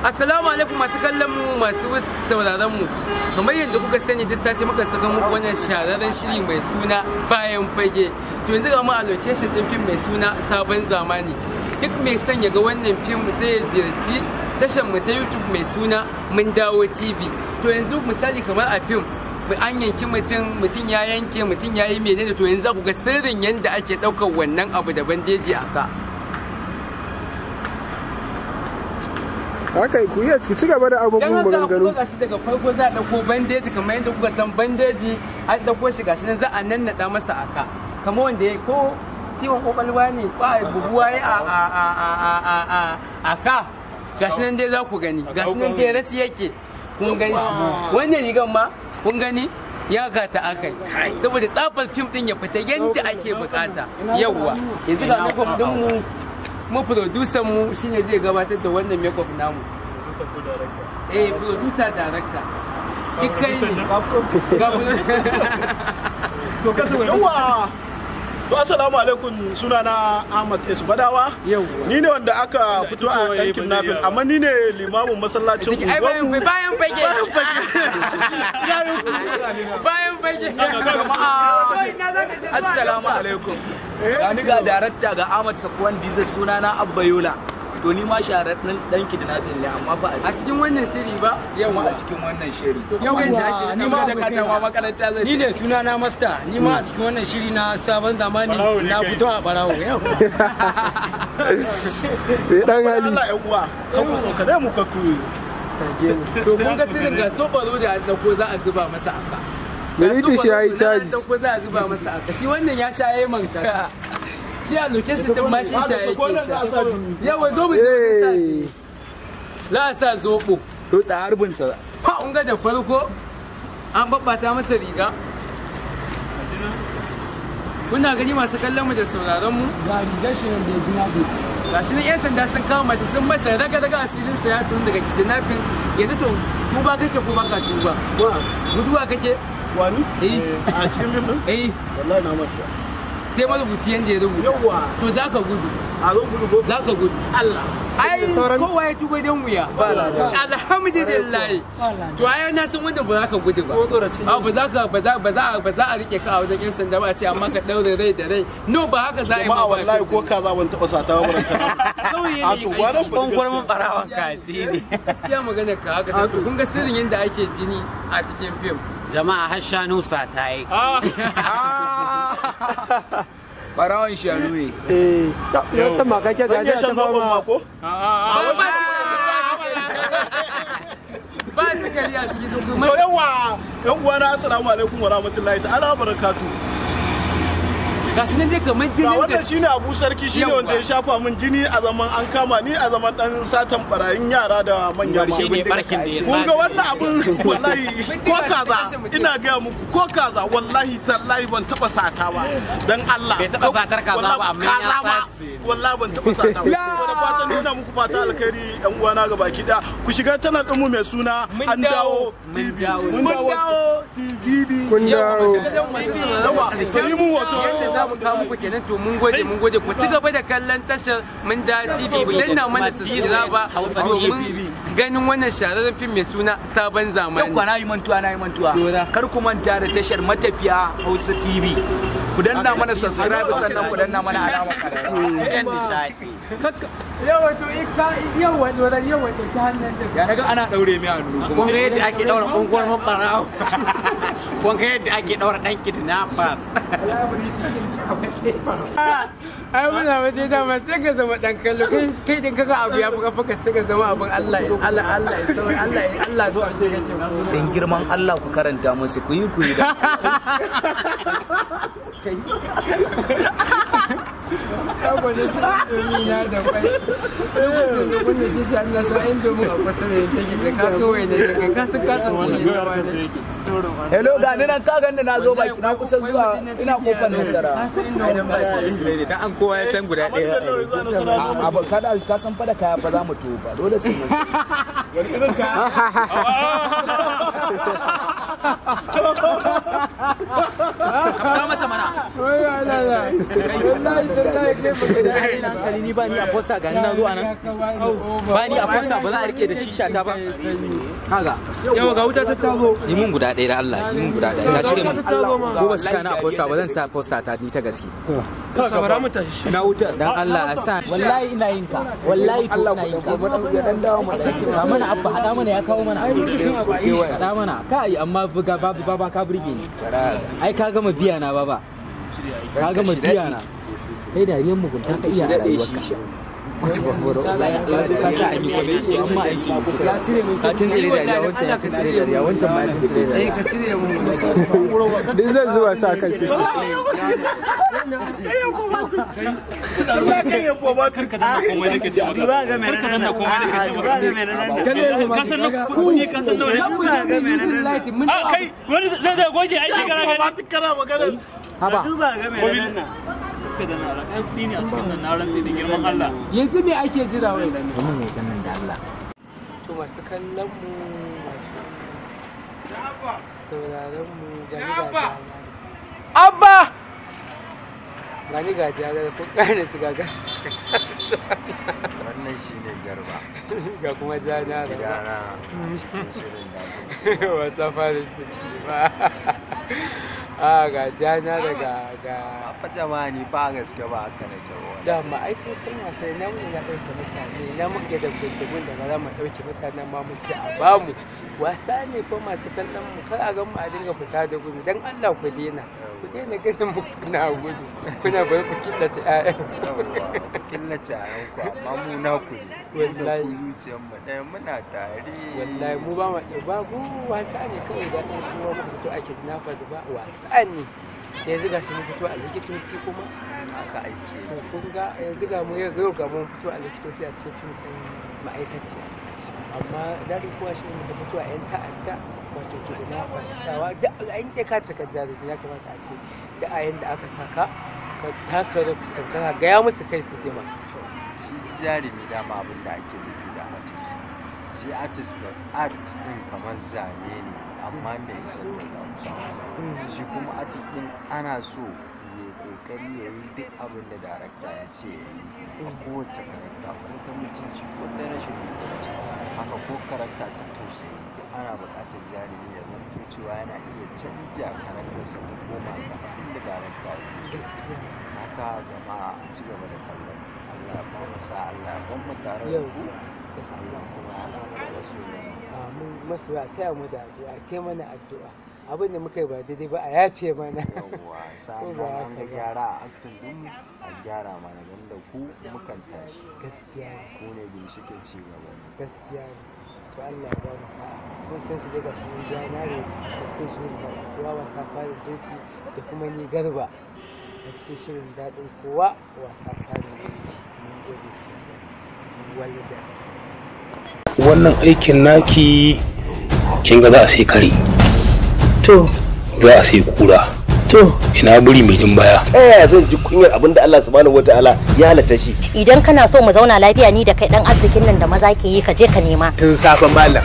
Assalamu alaikum masu kallon mu masu sauraron mu. Kamar yadda kuka sani duk sati muka saka muku wannan shararren shiri mai suna bayan fage. To yanzu ga mu a location din fim mai suna sabon zamani. Duk mai son ya ga wannan fim sai ya ziyarci tashar mu ta YouTube mai suna Mun Dawo TV. To yanzu misali kamar a fim an yanki mutum mutum ya yanke mutum ya yi menene to yanzu za ku ga sirrin yadda ake ɗaukar wannan abu da bandeji a ka. haka ku iya ku ci gaba da abubuwan maganganu dan haka ku daga farko za a dauko bandeji kamar yadda kuka san bandeji an dauko shi gashi nan za a nannada masa aka kamar wanda ya ko ciwon kwakwalwa ne ba buguwa ya a a a a a a a ka gashi nan dai za ku gani gashi nan dai rasi yake kun gani shi wannan rigan ma kun gani ya gata akai saboda tsafar fim din ya fita yadda ake bukata yawwa yanzu ga nufin mu kuma producer mu shine zai gabatar da wannan makeup namu eh producer director dukkan to kasa yawa To assalamu alaikum suna na Ahmad S Badawa. Ni ne wanda aka fito a ɗan kidnapping amma ni ne limamin masallacin unguwarmu. Bayan fage. Bayan fage. Bayan fage. assalamu alaikum gani ga darakta ga ahmad safuwan diza suna na abba yola to ni ma shahararren danki da na ne amma ba a cikin wannan shiri ba yawa a cikin wannan shiri yau yanzu ake ni ma da katawa makaranta zai ni ne suna na masta ni ma a cikin wannan shiri na sabon zamani na fito a barawo yau dan hali Allah ya uwa ka ku ka da mu ka ku to kun ga sirrin ga so ba zo da ko za a zuba masa aka shi ya yi caji. za a zuba masa aka. Shi wannan ya sha yayi manta. Shi a location din ma shi sha yake sha. Yawa zo mu je eh. Za a sa zobo. To tsa harbin sa. Fa un ga da farko an babbata masa riga. Kuna gani masu kallon mu da sauraron mu? Ga rigar shi nan da ya ji Ga shi nan 'yan sanda sun kama mace sun masa raga-raga asirin sa ya tun daga kidnapping yanzu to tuba kake ko baka tuba. Guduwa kake wani eh. Eh, a cikin bibin eh wallahi na manta sai marubuci da ya rubuta to za ka gudu za ka gudu ai kowa ya tuba dan wuya alhamdulillah to ai na san wanda ba za ka gudu ba a ba za ka ba za ba za ba za a rike ka a wajen yan sanda ba a ce amma ka daure rai da rai no ba haka za a yi ba wallahi ko ka za ban taba sata ba a to wannan bangwar mun barawan ka ji ne gaskiya magana ka haka to kun ga sirrin yadda ake jini a cikin fim jama'a har shanu sata yi barawon shanu ne eh wancan makake da ya shan zobon mako a wasu ba su kariya cikin dokumen yawa yan uwana assalamu alaikum wa rahmatullahi ta'ala barakatuh ga nan dai kamar jini wannan shine abu sarki shine wanda ya shafa min jini a zaman an kama ni a zaman dan satan barayin yara da manya ma shine barkin da ya sa ga wannan abun wallahi ko kaza ina ga muku ko kaza wallahi tallahi ban taba sata ba dan Allah bai taba satar kaza ba amma ya wallahi ban taba sata ba wani fatan nuna muku fata alkhairi yan uwana ga baki da ku shiga tana din mu mai suna an dawo TV mun dawo TV kun dawo yawa sai mun wato za mu kawo muku kenan to mun gode mun gode ku ci gaba da kallon tashar mun da TV ku danna mana subscribe domin ganin wannan shahararren fim mai suna sabon zamani. Yau kwana yi mantuwa na yi mantuwa. Kar ku manta da tashar matafiya Hausa TV. Ku danna mana subscribe sannan ku danna mana alama kare. Yan nishadi. Yawa to ita yawa doran yawa da ta hannun da. Ya naga ana daure mai a nuru. Kun ga yadda ake daura mun mabarawo. kun ga yadda ake daura dan kidnappers ai muna waje da ma sai ka zama dan kallo kai din kaga abu ya buga fuka sai ka zama abin Allah Allah Allah Allah Allah ce kake girman Allah ku karanta musu ku yi ku yi Kagwaje ta indomi na da kwai. Lokacin da kunna shi shi na so indomi a kusa da yake da ka so wai da ka kasu kasu ce. Hello ga ni nan kagan da na zo baki na kusa zuwa ina kofar nasara. Dan an kowa ya san guda ɗaya. Abu kada ka san fa da kaya fa za mu to dole sai. Wani irin kaya? masa mana. Wai Allah. hankali ni ba ni a posta ga nan ba ni a posta ba za a rike da shisha ta ba kaga yawa ga wuta ta yi mun guda ɗaya da Allah yi mun guda ɗaya ta shige mun ko ba su a posta ba zan sa posta ta ni ta gaske sabara mu tashi na wuta dan Allah a sa wallahi ina yin ka wallahi to ina yin ka sa mana abba hada mana ya kawo mana hada mana kai amma buga babu baba ka burge ni ai ka gama biya na baba ka gama biya na kai dariyar mugunta ka iya rayuwarka haba ka ne ake jira wai da mai da Allah to masu kallon mu masu sauraron mu ga ga su gaga wannan shi ne garba ga kuma jana da cikin shirin da ba a ga jana daga ga ba jama'a ni ba gaske ba haka na kyau da ma ai sai san ma nan mun ya dauke mutane nan mun ga dangantakun da ba za mu dauke mutanen ma mun ce a ba mu wasa ne fa masu kallon mu kar a ga mu a dinga fita da gudu dan Allah ku dena ku daina ganin mu kuna gudu kuna bai ku killace ƴaƴan ku killace ƴaƴan ku mu na ku ne wallahi zuciyar mu ɗaya mu ba mu ba ku wasa ne kawai da kuma mutum ake tunafa ba wasa ne yanzu ga shi mun fito a likitoci kuma aka aiki to kun ga yanzu ga mu yau ga mun fito a likitoci a cikin fim din amma dadin kuwa shi ne fito a yan ta'adda wato ke da na fasitawa da ayin da ka cika jarabi ya kamata a ce da ayin da aka saka ka taka ka gaya musu kai su jima shi jarumi dama abin da ake nufi da mace shi shi artist art din kamar zane ne amma mai salo da hausawa shi kuma artist din ana so ya kokari ya yi duk abin da darakta ya ce ya yi a kowace karakta ko ta mutunci ko ta rashin mutunci haka ko karakta ta tausayi duk ana buƙatar jarumi ya zanto cewa yana iya canja karantarsa ta koma ga abin da darakta ya ke so haka jama'a ci gaba da kallon Allah ya sa Allah ya ban mu tare da gaskiya mun masoya taya mu da addu'a ke mana addu'a abin da muka yi ba daidai ba a yafe mana yawwa sa'an an ga gyara a aktin a gyara mana don da ku mukan tashi gaskiya ku ne ci gaba gaskiya to Allah ya ba mu sa'a kun san shi daga shi janare da cikin shi da kowa wasa farin doki da kuma ni garba da cikin shirin daɗin kowa wasa farin doki mun gode sosai walida wannan aikin naki kin ga za a sai kare to za a sai kura to ina buri mai jin baya ta yaya zan ji kunyar abin da Allah subhanahu wataala ya halatta shi idan kana so mu zauna lafiya ni da kai dan arzikin nan da maza ke yi ka je ka nema tun safe malam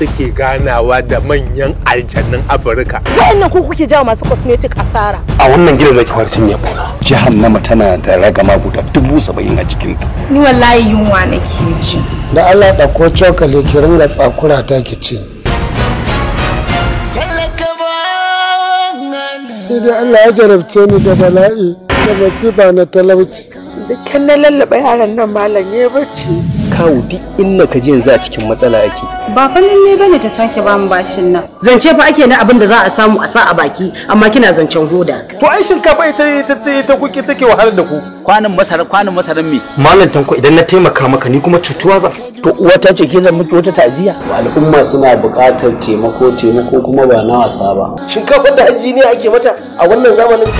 suke ganawa da manyan aljannun afirka wa'annan ku kuke jawo masu cosmetic asara a wannan gidan ke farcin cinye bona jahannama tana da ragama guda dubu saba'in a cikinta. Ni wallahi yunwa ke ji. Da Allah ko cokali ki ringa tsakura ta ki ci. Sai dai Allah ya jarabce ni da bala'i da masifa na talauci. Dukkan na lallaba yaran nan malam ya barci. kawo duk inda ka ji yanzu a cikin matsala ake. Ba fa ne bane ta sake ba mu bashin nan. Zance fa ake na abin da za a samu a sa a baki amma kina zancen hoda. To ai shinkafa ita ta kuke take wahalar da ku. Kwanin masara kwanin masaran me? Malam tanko idan na taimaka maka ni kuma cutuwa za. To uwa ta ce ke zan mutu wata ta'aziya. Al'umma suna buƙatar taimako taimako kuma ba na wasa ba. Shinkafar da hajji ne ake mata a wannan zamanin.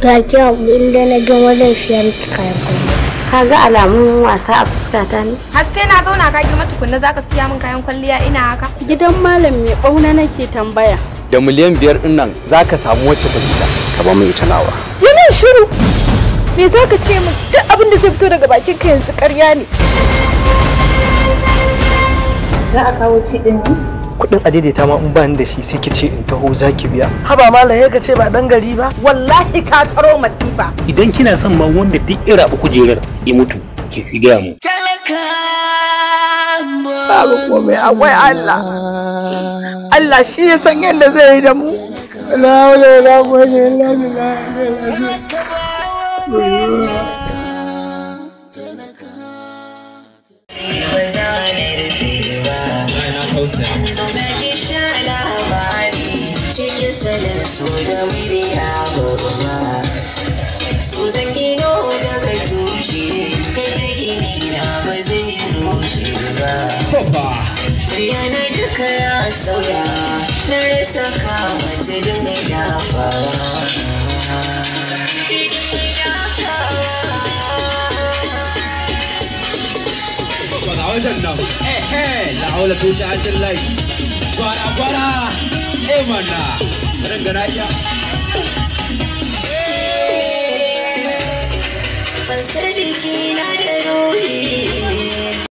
Ga kyau inda na gama zan siyar ki ka ga alamun wasa a fuskata ne har na zauna ka girma tukunna zaka siya min kayan kwalliya ina haka gidan malam mai bauna nake tambaya da miliyan biyar din nan zaka samu wacce ta gida ka ba mu talawa. yana shiru me zaka ce min duk abin da zai fito daga bakin ka yanzu ƙarya ne za a kawo ci din kuɗin adaidaita ma in ba ni da shi sai ki ce in taho za ki biya haba malam ka ce ba dan gari ba wallahi ka karo masifa idan kina son ma wanda duk ira ku kujerar ya mutu ki fi gaya mu babu komai akwai Allah Allah shi ya san yadda zai yi da mu la tausaya masa cikin salon su da murya babba su zangino daga tushe yadda gini na ba zai rushe ba yana duka ya sauya na rasa kama ta dinga dafawa wajen nan eh eh la haula tushe ajin lai gwara gwara eh mana iya ban jiki na da ruhi